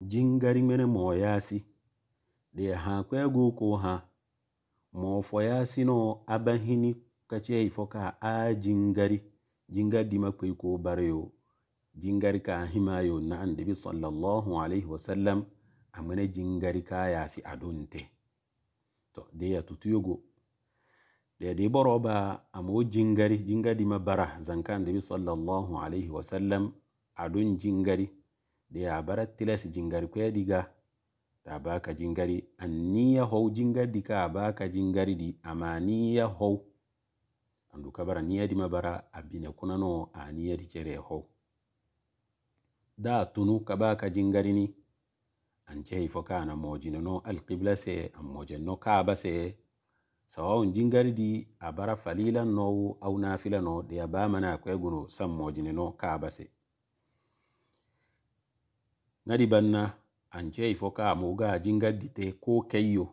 jingari mene mo yasi de ha kwe go ko ha mo foya sino abahini kace yi foka a jingari jinga di makwe ko bareyo jingari ka himayo na annabi sallallahu alaihi wasallam amene jingari ka yasi adunte to de ya tutuyogo de de boroba amo jingari jinga di mabara zankan annabi sallallahu alaihi wasallam adun jingari de a bara tiles jingari kue diga ta baka jingari anniya hou jingari dika a baka jingari di ama niya hou andu kabara niya di mabara abine kuna no a niya di chere hou da tunu kabaka jingari ni anchehi foka na mojino no alqibla se amojeno no kaaba se sawawun jingari di a bara falila nowu au nafila no de a bamana kue guno sammojine no kaaba se no, nari banna ance ifo ka amoga jingaddi te ko kayyo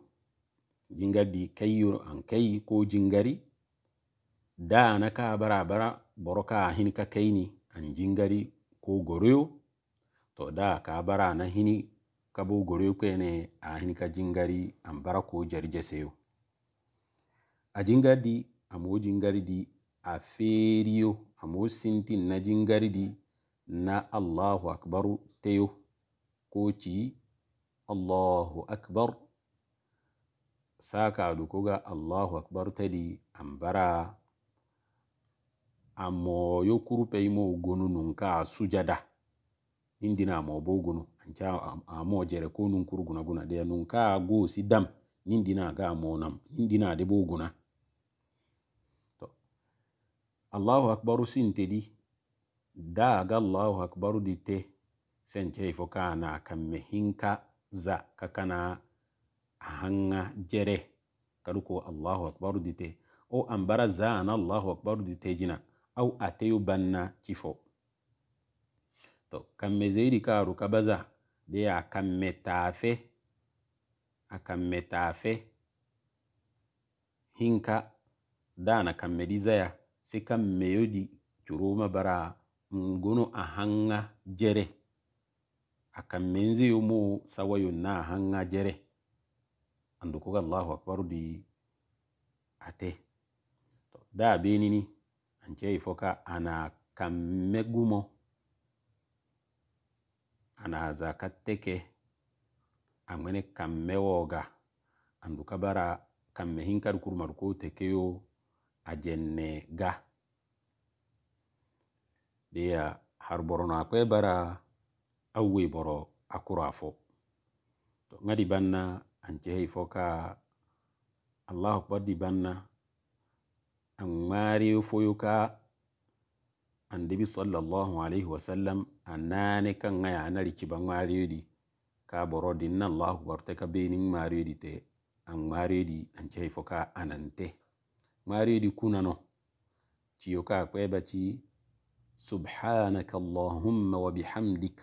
jingaddi kayyo an kei ko jingari da na ka bara bara boro ka ka kaini an jingari ko goryo to da ka bara na hini ka bo ko ne a hini ka jingari an bara ko seyo a jingardi amo di a feriyo amo sintin na jingari di na allahu akbaru teyo ko allahu akbar Saka kuga allahu akbar tadi an bara a moyo kurpey mo gonu nun ka sujada nindina mo bo gonu anca amo jere ko nun kur guna guna de nun ka gosi dam nindina ga mo nam nindina de bo guna to allahu akbaru sintedi da ga allahu akbaru te. sen jehi fo kana kamme hinka za kakana hanga jere kadu ko allahu akbaru dite o ambara za ana allahu akbaru ditejina au ateyu banna cifo to kamme zeidi karu kabaza de a kamme tafe a kamme tafe hinka dana kamme di zaya se kammeyodi curuma bara ngunu a hanga jere akammenzi yomu sawa na hanga jere andukoga allahu akbar di ate da benini ance ifoka ana kamme gumo ana zakatteke amene kamme woga anduka bara kuru maruko kurmar ko tekeyo ajenne ga deya har borona kwe bara awwey boro akura fo to ŋadi banna an jehey fo ka allahu akbar di banna an ŋmaari foyo ka annabi sallallahu alayhi wasallam a naane kaŋ ŋaya a nari ciba ŋmaariyo di ka boro dinna allahu akbar te ka beeni ŋmaariyo di te an ŋmaariyo di an jehey fo ka anante ŋmaariyo di kunano ciyo ka kweba ci subhanaka allahumma wa bihamdik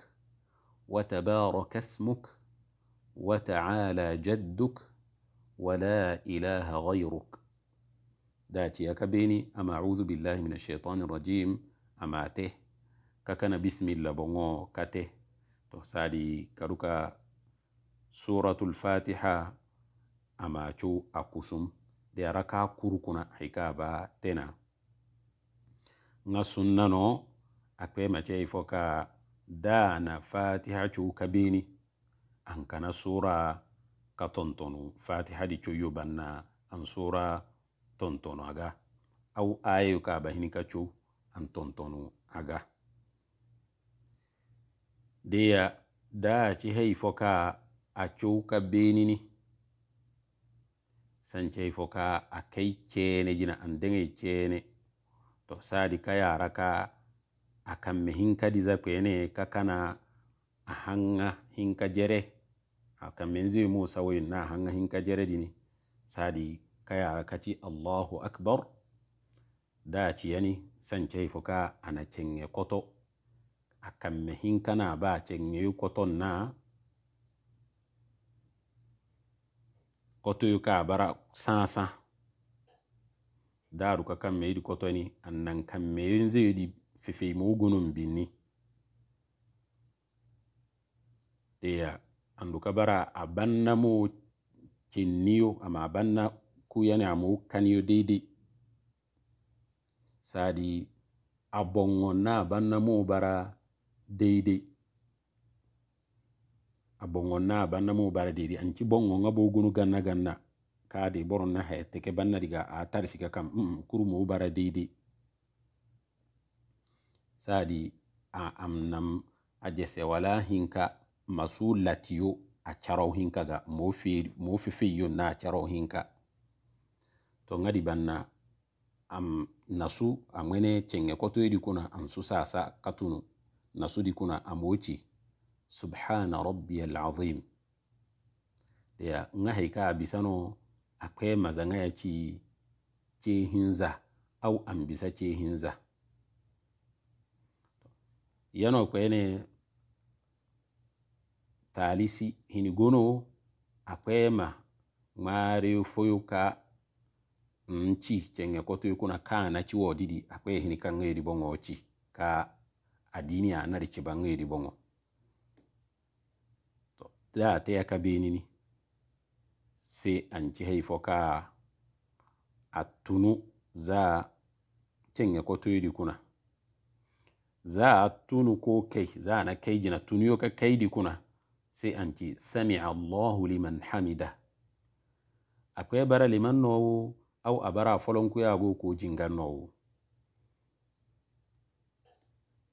وتبارك اسمك وتعالى جدك ولا إله غيرك داتي كبيني أما أعوذ بالله من الشيطان الرجيم أما ته ككنا بسم الله بونغو كته تحسالي كروكا سورة الفاتحة أما شو أقسم دي ركا كركنا حكابا تنا نسننو أكبر ما فوكا Da na fatiha bi ni an kana sura ka tontonu fatiha di coyo banna an sura tontonu aga au ayu ka bahini ka cu an tontonu aga deya da ci haifo ka a cu ka san ci haifo ka a kai cene jina an dengei cene to sadi ka yara ka a kamme hinka diza kwene kakana a hanga hinka jere a kamme nzi mu sawi na hanga hinka jere dini sadi kaya kati Allahu Akbar da ci yani san cai fuka ana cenge koto a kamme hinka na ba cenge koton na koto yuka bara sansa daru ka kamme yidi koto ni annan kamme yidi fifei mugunum binni deya andu kabara a bannamo cinniyo ama a banna kuyani amo kaniyo deidei sadi a bongo na a bannamo bara deidei a bongo na a bannamo bara deidei anci bongo nga bogunu ganna ganna kade boron na hayatteke banna diga a tarisiga kam mm, kurumo bara deidei saɗi a amnam a jese wala hinka masu latiyo a carau hinka ga mofi feyyo na a carau hinka to ngadi banna am nasu a ŋwene ceŋe kotoyedi kuna an su sasa katunu nasu di kuna a moci subhana rabbiya alazim deya ŋa heika a bisano a kwe maza ŋa ya ci cehinza au an bisa cehinza yano kwene talisi hinigono akwema ng'mari ufoyuka nchi chenge koto yukuna na chiwo didi akwe hini ka ngeri bongo ochi ka adini anari chiba ngeri bongo to da te ni se anchi haifo atunu za chenge koto yudi kuna za a tunu ko kai za na kai jina tuniyo ka kai di kuna sai an ce sami allahu liman hamida akwai bara liman nowo au a bara folon kuyago ko jingar nowo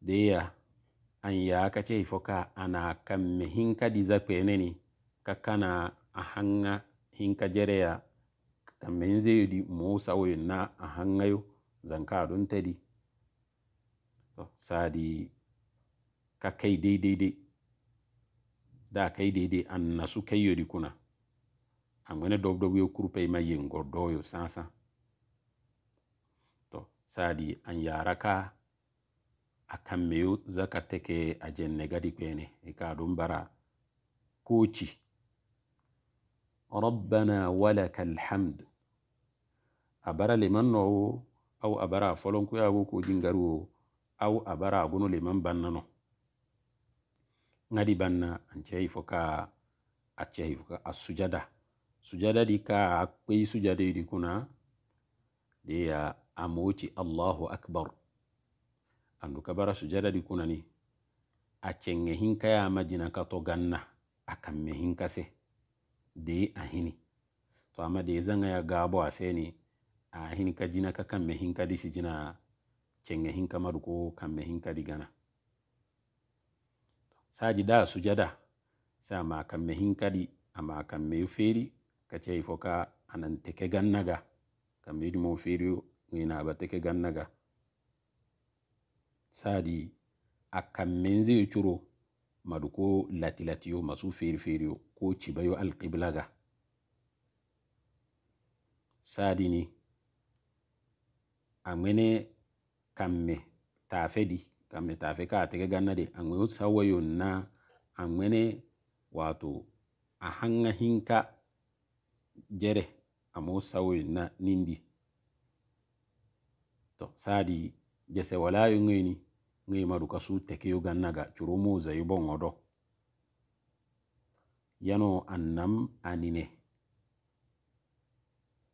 deya an ya ka ce foka ana kan me hinka di zakpene ne ka kana a hanga hinka ya kan me yi yodi musa na a hangayo zanka don tadi saadi ka kay dey dey dey da kay dey dey an nasu kay yodi kuna a ŋene dobdobu yo kurupey ma yengo doyo sansan to saadi an yara ka a kammeyo zaka teke a jenne gadi kwene i e ka dun bara koci rabbana walaka alhamd a bara liman nowo au a bara folonkuyago ko jingaruwo aw a bara agono le man banna no ŋadi banna ancei fo ka a cei fo ka a sujada sujada di ka a kpei sujada di kuna de ya a mooti allahu akbar andu ka bara sujada di kunani a cenge hinka ya ma jina ka to ganna a kamme hinka se de a hini to ama de zanga ya gabo a seni a hini ka jina ka kamme hinka disi jina cenge hinka maru ko kamɓe hinka digana saji da sujada sai ama kamɓe a ama kamɓe yo feeri kacayi fo ka anan teke gannaga kamɓe yiɗi mo ba teke gannaga sadi a kamɓen zai curo maɗu ko yo masu feeri yo ko cibayo alqiblaga ni a kamme taafe di kamme taafe ka tege ganna di angweu sawayo na angwene wato a hanga hinka jere amo sawayo na nindi to sadi jese walayo ni ngai maru kasu tekeyo gannaga curumu zayu bongodo yano annam anine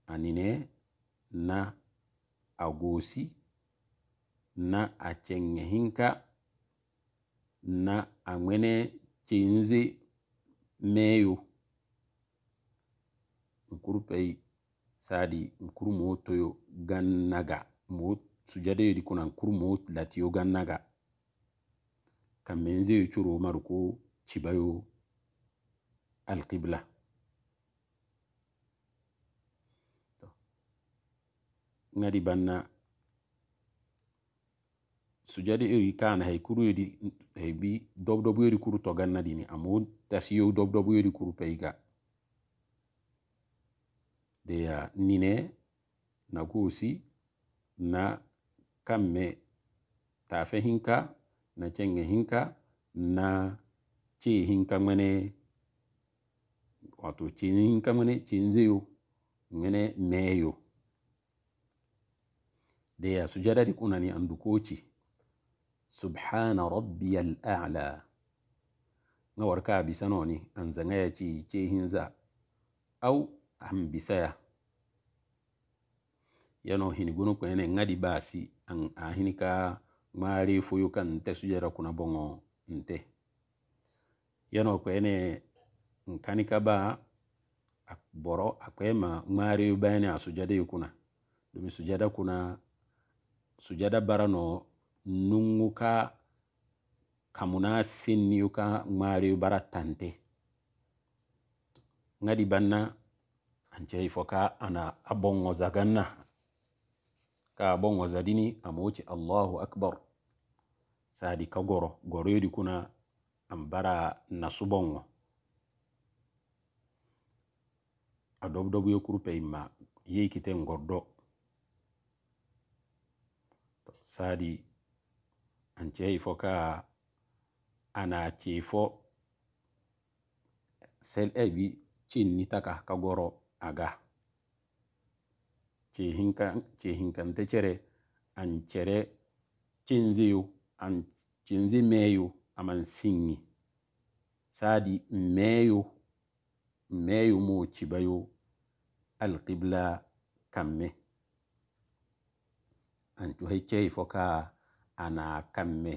anine na agosi na achenye hinka na a amwene chinzi meyo nkuru pei sadi nkuru moto yo gannaga mo sujade yodi kuna nkuru mo lati yo gannaga kamenze yo churu maruko cibayo alqibla ngadi banna sujadi eri kana hay kuru eri hay bi dob e dob eri kuru to ganna dini amu tasiyo dob e dob eri kuru peiga de ya nine na kusi na kamme tafe hinka na cenge hinka na ce hinka mene wato ce hinka mene cinzeyo mene meyo de ya sujada di kunani andukoci subhana rabbiyal a'la ngawar ka bisa no ni an zanga ya ci ce hinza au an bisa ya yano hini gunu ko ene ngadi basi an a hini ka mari fuyu kan te sujera kuna bongo nte yano ko ene nkani ka ba boro akwema mari bayani a sujada kuna domin sujada kuna sujada barano nunguka kamuna sinniyuka ŋmariyu bara tante ŋadi banna anche ifoka ana abongo zaganna ka abongo zadini amochi allahu akbar sadi ka goro goroyodi kuna an bara nasubongo a dobdobu yokurupe imma yeikiten goddo sadi an cehi fo ka ana ceefo sel ebi cinnitaka ka goro aga cehinkante cere an cere cinziyu an cinzi meyu aman sinŋi saadi meyu meyu mo cibayu alqibla kamme an cuhay cehi fo kaa ana kamme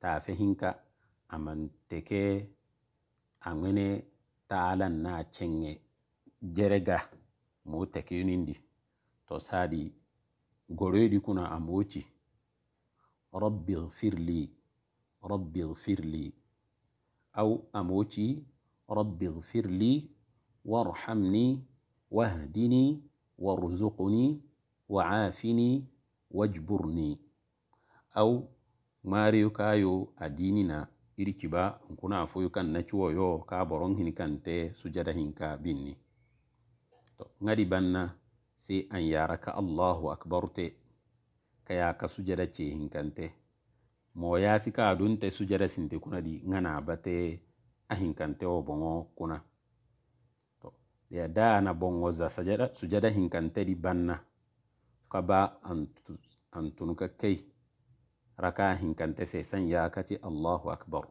ta fahimka amanteke wani talan na cenge jerega mo di to sadi di kuna a moci rabbi firli rabbi firli au moci rabbi firli warhamni wahdini warzuqni wa'afini wajburni au mari yu kayo adini na iri kiba nkuna afu yu kan nachuo yo ka borong hini kante sujada hinka binni to ngadi banna si an yaraka allahu akbar te kaya ka sujada che hinkante mo ya sika adun te sujada sinte kuna di ngana bate ahinkante o bongo kuna to ya da na bongo za sujada sujada hinkante di banna kaba antu antunuka kai raka hinkante sesan yakati allahu akbar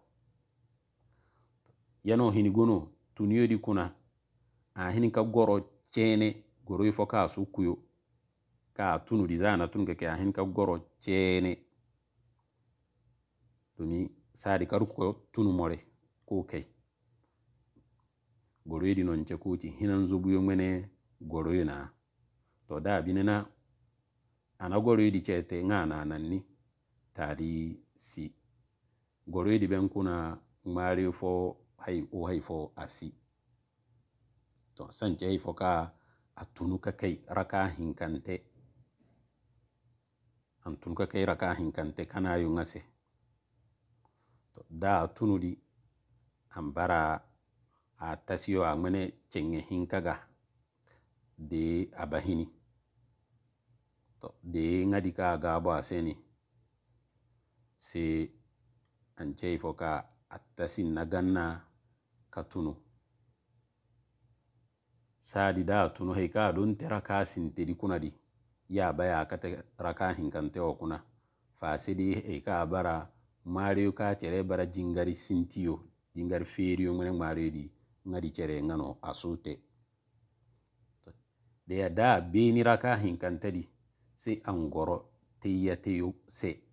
yano hini gono tuniyodi kuna a hini ka goro cene goro ifo ka su kuyo ka tunu dizana tun keke a hini ka goro cene tumi sadi karu ko tunu more ko kai goro yedi non che kuti hinan zubu yo mene goro yina to da binena ana goro yedi chete ngana nanni na tari si goro di ben kuna mari fo hai o hai fo asi to san je fo ka a ka kai raka hinkante an tunuka kai raka hinkante kana yu ngase to da tunu di ambara a tasiyo a mene cenge hinkaga de abahini to de ngadi ka gabo aseni se an ceifo ka a tasin naganna ka tunu sadi da tunu hei ka don tera ka sintedi kuna di ya baya ka tera ka hinkante o kuna fasidi hei ka bara mariyo ka cere bara jingari sintiyo jingari feriyo ngane mariyo di ngadi cere ngano asute da ya da benira ka hinkante di se angoro teyateyo se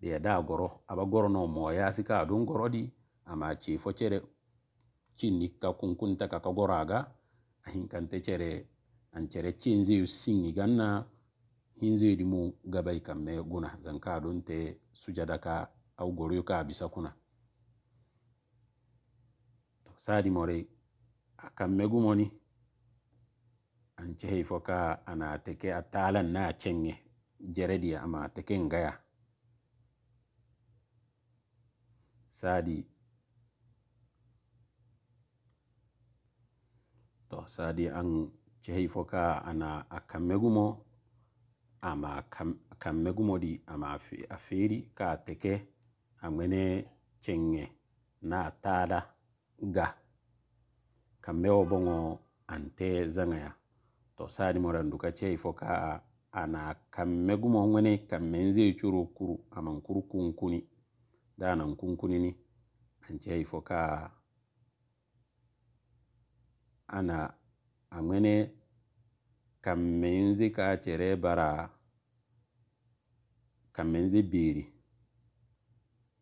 de ada goro aba goro no moya sika adun goro di ama ci fo cere ka kunkunta ka ka goro aga ahin te cere an cere cinzi singi ganna hinzi di mu gabai me guna zanka adun te sujada ka au goro ka bisa kuna sadi more akamme gumoni an fo ka ana teke a talan na cenge jerediya ama teke ngaya sadi to sadi an cehi foka ana a ama akamegumo di ama a ka teke amene cenge na taada ga Kameo bongo ante zangaya. to sadi mo randuka cehi foka ana kammegumo ŋwene kammen zey kuru ama kuru kunkuni dana nkunkunini fo foka ana amene kammenzi ka chere bara kammenzi biri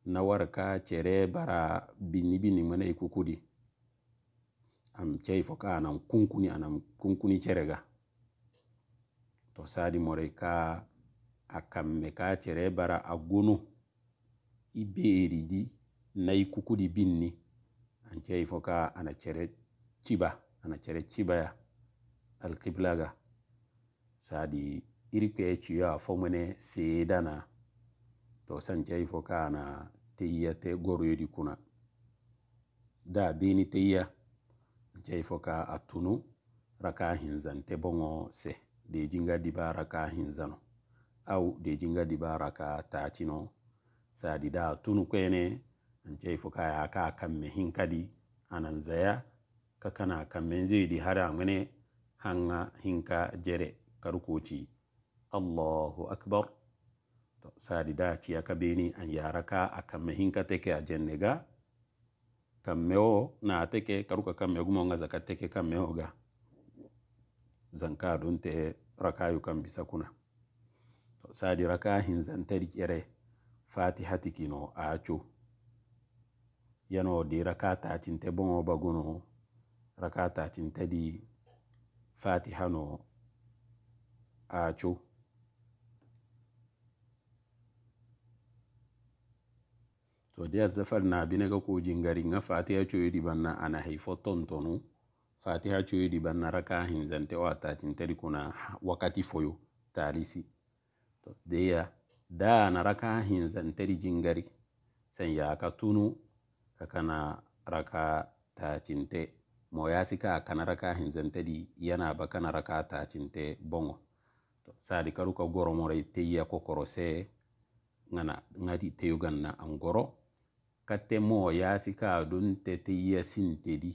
na ka chere bara bini bini mwene ikukudi amchei foka ana nkunkuni ana nkunkuni cherega to sadi more ka ka chere bara agunu i beeri di nayi kukudi binni ancai fo ka ana cere ciba ana cere cibaya alkiblaga saadi irikuye ciyo a fomene seedana to sancai fo ka ana teyiya te goruyo di kuna da beni teyiya ancai fo ka a tunu raka hinzante boŋo se de jinga diba raka hinzano au de jinga diba raka taacino sadi da tunu kwene ancei fo kaya ka kamme hin kadi anan zaya ka kana kamme jeidi hara amene hanga hinka jere karukoti allahu akbar to sadi da ciya ka beni an yara ka a kamme hinka teke a jenne ga kamme o na teke karuka kamme gumo nga zaka teke kamme o ga zanka don te rakayu kan bisa kuna to sadi raka hin zantari kere fatihati kino acu yano di raka tacinte boŋo baguno raka tacinte di fatiha no acu to diyar zafar na bine ga kojin garin ga fatiha coyi di banna ana haifo tontonu fatiha coyi di banna raka hinzante wa ta di kuna wakati foyo talisi to deya Da na raka hin hinzantari jingari sanya ka tunu kana raka cinte mo ya sika kana raka hin hinzantadi yana ba kana raka cinte bongo to sadi karu ka goro mo rai moray teyiya ko se ngana ngati teyuganna an goro katte mo sika dun te teyiya sintedi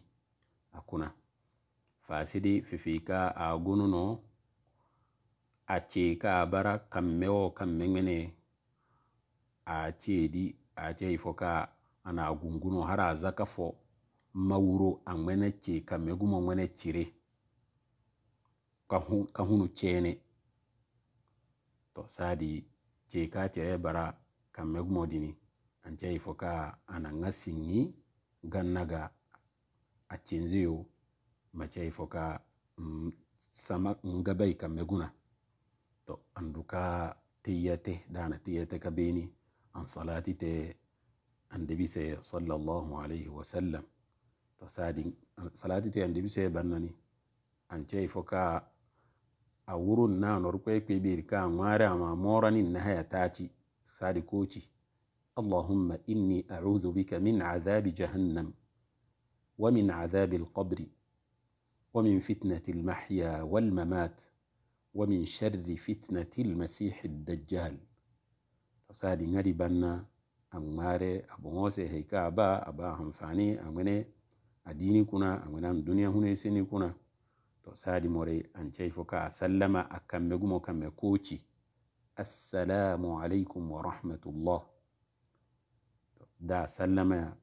akuna fasidi fifika a no. a ce ka bara kan mewo kan mengene a ce di a ce ifo ka ana gunguno hara a zaka fo ma wuro a ŋmene ce ka megumo ŋmene cire ka, hun, ka hunu cene to sadi ce ka tere bara kan megumo dini a ce ifo ka ana ŋa siŋi gannaga a cinziyo ma ce ifo ka mm, sama ngabai ka meguna to andu ka tiyate dana tiyate ka beni an salatite andebise sallallahu alayhi wa sallam to sadin salatite andebise bannani an cei fo ka a wurun na norkwe kwebiri ka ŋmaare ama moranin nahaya taci sadi koci اللهم إني أعوذ بك من عذاب جهنم ومن عذاب القبر ومن فتنة المحيا والممات wa min sharri fitnatil masihi dajjal to sadi ngari banna an mare abongose heika aba aba hamfani amene adini kuna amene duniya hune sini kuna to sadi more an ceifo ka sallama akambe kamɓe gumo kamɓe koci assalamu alaikum wa rahmatullah da sallama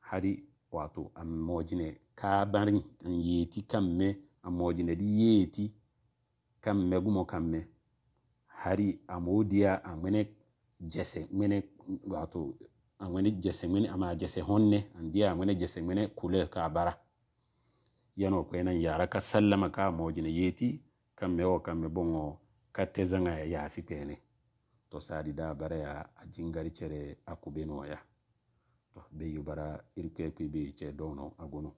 hari wato an mojine kabari an yeti kamɓe an mojine ɗi yeeti kamme gumo kamme hari a modiya a ŋene jese ŋene wato a ŋene jese ŋene ama jese honne an diya a ŋene jese ŋene kule ka bara yano ko enan yara ka sallama ka mojine yeti kamme o kamme bongo ka tezaŋa e yasi kpene to sadi da bara ya a jingari cere a kubenoya to be yubara irkwekwi be ce dono a gono